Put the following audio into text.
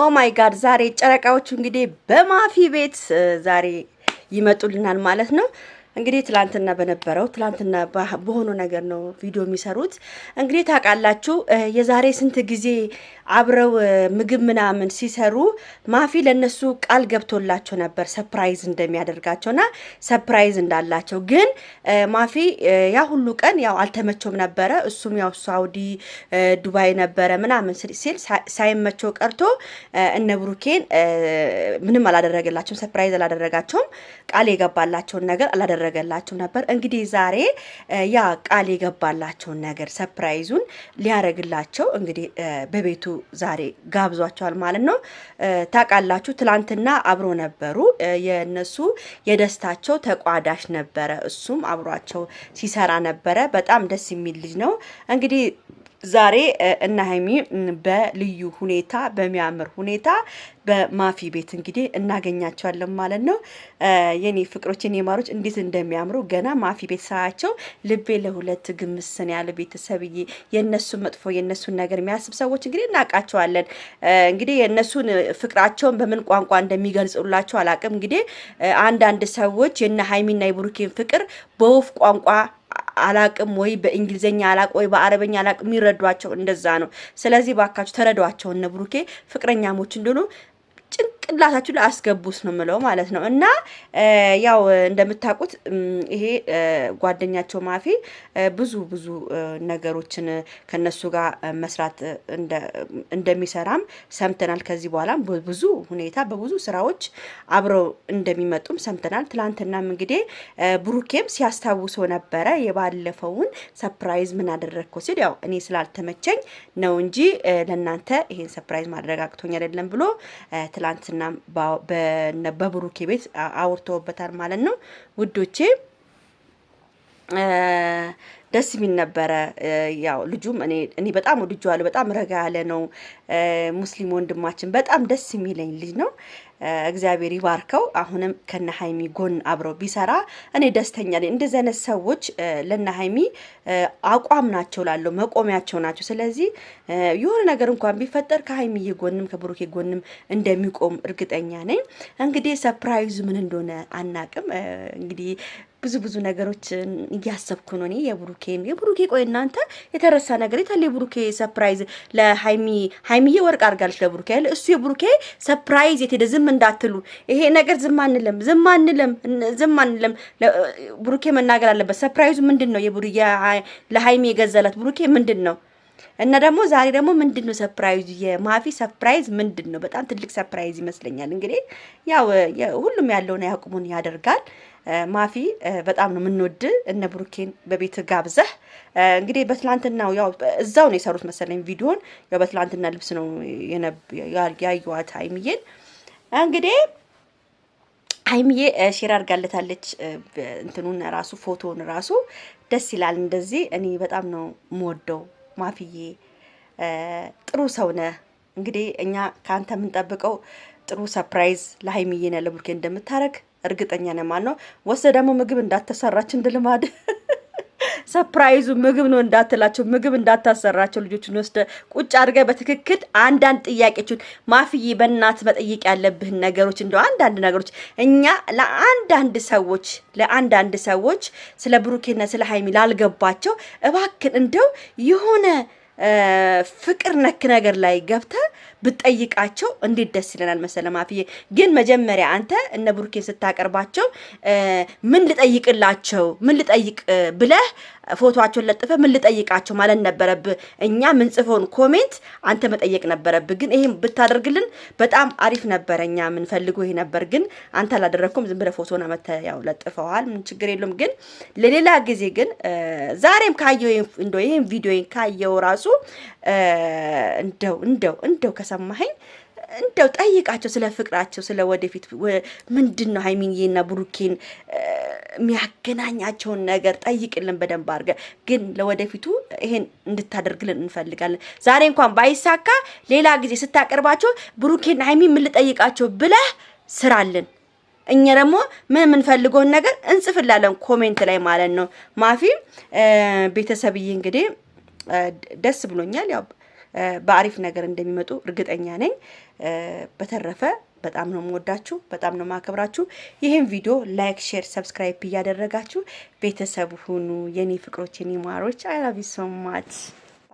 ኦ ማይ ጋድ ዛሬ ጨረቃዎቹ እንግዲህ በማፊ ቤት ዛሬ ይመጡልናል ማለት ነው። እንግዲህ ትላንትና በነበረው ትላንትና በሆኑ ነገር ነው ቪዲዮ የሚሰሩት። እንግዲህ ታውቃላችሁ የዛሬ ስንት ጊዜ አብረው ምግብ ምናምን ሲሰሩ ማፊ ለነሱ ቃል ገብቶላቸው ነበር ሰፕራይዝ እንደሚያደርጋቸውና ሰፕራይዝ እንዳላቸው። ግን ማፊ ያ ሁሉ ቀን ያው አልተመቸውም ነበረ። እሱም ያው ሳውዲ ዱባይ ነበረ ምናምን ሲል ሳይመቸው ቀርቶ እነ ብሩኬን ምንም አላደረገላቸውም፣ ሰፕራይዝ አላደረጋቸውም። ቃል የገባላቸውን ነገር አላደረ እያደረገላቸው ነበር። እንግዲህ ዛሬ ያ ቃል የገባላቸውን ነገር ሰፕራይዙን ሊያደረግላቸው እንግዲህ በቤቱ ዛሬ ጋብዟቸዋል ማለት ነው። ታውቃላችሁ ትላንትና አብሮ ነበሩ። የነሱ የደስታቸው ተቋዳሽ ነበረ። እሱም አብሯቸው ሲሰራ ነበረ። በጣም ደስ የሚል ልጅ ነው እንግዲህ ዛሬ እነ ሀይሚ በልዩ ሁኔታ በሚያምር ሁኔታ በማፊ ቤት እንግዲህ እናገኛቸዋለን ማለት ነው። የኔ ፍቅሮች የኔ ማሮች እንዴት እንደሚያምሩ ገና ማፊ ቤት ሳያቸው ልቤ ለሁለት ግምስን ያለ ቤተሰብዬ፣ የእነሱን መጥፎ የእነሱን ነገር የሚያስብ ሰዎች እንግዲህ እናውቃቸዋለን። እንግዲህ የእነሱን ፍቅራቸውን በምን ቋንቋ እንደሚገልጽላቸው አላቅም። እንግዲህ አንዳንድ ሰዎች የነ ሀይሚና የብሩኬን ፍቅር በወፍ ቋንቋ አላቅም ወይ በእንግሊዝኛ አላቅ ወይ በአረበኛ አላቅ የሚረዷቸው እንደዛ ነው። ስለዚህ ባካችሁ ተረዷቸው። እነ ብሩኬ ፍቅረኛሞች እንደሆኑ ጭን ቅላታችሁ ላይ አስገቡስ ነው የምለው ማለት ነው። እና ያው እንደምታውቁት ይሄ ጓደኛቸው ማፊ ብዙ ብዙ ነገሮችን ከነሱ ጋር መስራት እንደሚሰራም ሰምተናል። ከዚህ በኋላም በብዙ ሁኔታ በብዙ ስራዎች አብረው እንደሚመጡም ሰምተናል። ትላንትናም እንግዲህ ብሩኬም ሲያስታውሰው ነበረ የባለፈውን ሰፕራይዝ ምን አደረግከው ሲል ያው እኔ ስላልተመቸኝ ነው እንጂ ለእናንተ ይሄን ሰፕራይዝ ማድረግ አቅቶኝ አይደለም ብሎ ትላንት በቅዱስና በብሩኬ ቤት አውርተውበታል ማለት ነው ውዶቼ ደስ የሚል ነበረ። ያው ልጁም እኔ በጣም ወድጄዋለሁ። በጣም ረጋ ያለ ነው። ሙስሊም ወንድማችን በጣም ደስ የሚለኝ ልጅ ነው። እግዚአብሔር ይባርከው። አሁንም ከነ ሀይሚ ጎን አብረው ቢሰራ እኔ ደስተኛ ነኝ። እንደዚህ አይነት ሰዎች ለነ ሀይሚ አቋም ናቸው ላለው መቆሚያቸው ናቸው። ስለዚህ የሆነ ነገር እንኳን ቢፈጠር ከሀይሚዬ ጎንም ከብሩኬ ጎንም እንደሚቆም እርግጠኛ ነኝ። እንግዲህ ሰፕራይዙ ምን እንደሆነ አናቅም እንግዲህ ብዙ ብዙ ነገሮች እያሰብኩ ነው እኔ የብሩኬም የብሩኬ ቆይ እናንተ የተረሳ ነገር የታለ? የብሩኬ ሰፕራይዝ ለሀይሚ ሀይሚዬ ወርቅ አድርጋለች ለብሩኬ ያለ እሱ የብሩኬ ሰፕራይዝ የትሄደ ዝም እንዳትሉ። ይሄ ነገር ዝም አንልም ዝም አንልም ዝም አንልም ብሩኬ መናገር አለበት። ሰፕራይዙ ምንድን ነው? ለሀይሚ የገዛላት ብሩኬ ምንድን ነው? እና ደግሞ ዛሬ ደግሞ ምንድን ነው ሰፕራይዙ? የማፊ ሰፕራይዝ ምንድን ነው? በጣም ትልቅ ሰፕራይዝ ይመስለኛል። እንግዲህ ያው ሁሉም ያለውን ያቁሙን ያደርጋል። ማፊ በጣም ነው የምንወድ። እነ ብሩኬን በቤት ጋብዘህ እንግዲህ በትላንትናው ያው እዛው ነው የሰሩት መሰለኝ ቪዲዮን። ያው በትላንትና ልብስ ነው ያየኋት ሀይሚዬን እንግዲህ ሀይሚዬ ሼር አድርጋለታለች እንትኑን ራሱ ፎቶውን ራሱ ደስ ይላል። እንደዚህ እኔ በጣም ነው የምወደው ማፍዬ ጥሩ ሰው ነህ። እንግዲህ እኛ ከአንተ የምንጠብቀው ጥሩ ሰፕራይዝ ለሀይሚዬ ነ ለቡርኬ እንደምታረግ እርግጠኛ ነን ማለት ነው። ወስደ ደግሞ ምግብ እንዳተሰራች እንድልማድ ሰፕራይዙ ምግብ ነው እንዳትላቸው፣ ምግብ እንዳታሰራቸው። ልጆችን ወስደ ቁጭ አድርገ በትክክል አንዳንድ ጥያቄዎችን ማፍዬ፣ በእናት መጠየቅ ያለብህን ነገሮች እንደ አንዳንድ ነገሮች እኛ ለአንዳንድ ሰዎች ለአንዳንድ ሰዎች ስለ ብሩኬና ስለ ሀይሚ ላልገባቸው እባክን እንደው የሆነ ፍቅር ነክ ነገር ላይ ገብተ ብጠይቃቸው እንዴት ደስ ይለናል መሰለ። ማፍዬ ግን መጀመሪያ አንተ እነ ብሩኬን ስታቀርባቸው ምን ልጠይቅላቸው ምን ልጠይቅ ብለህ ፎቶቸውን ለጥፈ ምን ልጠይቃቸው ማለት ነበረብህ። እኛ ምንጽፈውን ኮሜንት አንተ መጠየቅ ነበረብህ። ግን ይሄን ብታደርግልን በጣም አሪፍ ነበረ። እኛ የምንፈልገው ይሄ ነበር። ግን አንተ አላደረግኩም። ዝም ብለህ ፎቶን አመተ ያው ለጥፈዋል። ምን ችግር የለውም። ግን ለሌላ ጊዜ ግን ዛሬም ካየው እንደው ይሄን ቪዲዮ ካየው ራሱ እንደው እንደው እንደው ከሰማኸኝ እንደው ጠይቃቸው ስለ ፍቅራቸው፣ ስለ ወደፊት ምንድን ነው ሀይሚንዬና ብሩኬን የሚያገናኛቸውን ነገር ጠይቅልን በደንብ አድርገ ግን ለወደፊቱ ይሄን እንድታደርግልን እንፈልጋለን። ዛሬ እንኳን ባይሳካ ሌላ ጊዜ ስታቀርባቸው ብሩኬና ሀይሚ ምን ልጠይቃቸው ብለህ ስራልን። እኛ ደግሞ ምን የምንፈልገውን ነገር እንጽፍላለን ኮሜንት ላይ ማለት ነው። ማፊ ቤተሰብዬ እንግዲህ ደስ ብሎኛል ያው በአሪፍ ነገር እንደሚመጡ እርግጠኛ ነኝ። በተረፈ በጣም ነው የምወዳችሁ፣ በጣም ነው ማከብራችሁ ይህን ቪዲዮ ላይክ፣ ሼር፣ ሰብስክራይብ እያደረጋችሁ ቤተሰብ ሁኑ። የኔ ፍቅሮች፣ የኔ ማሮች አይ ላቭ ዩ ሶ ማች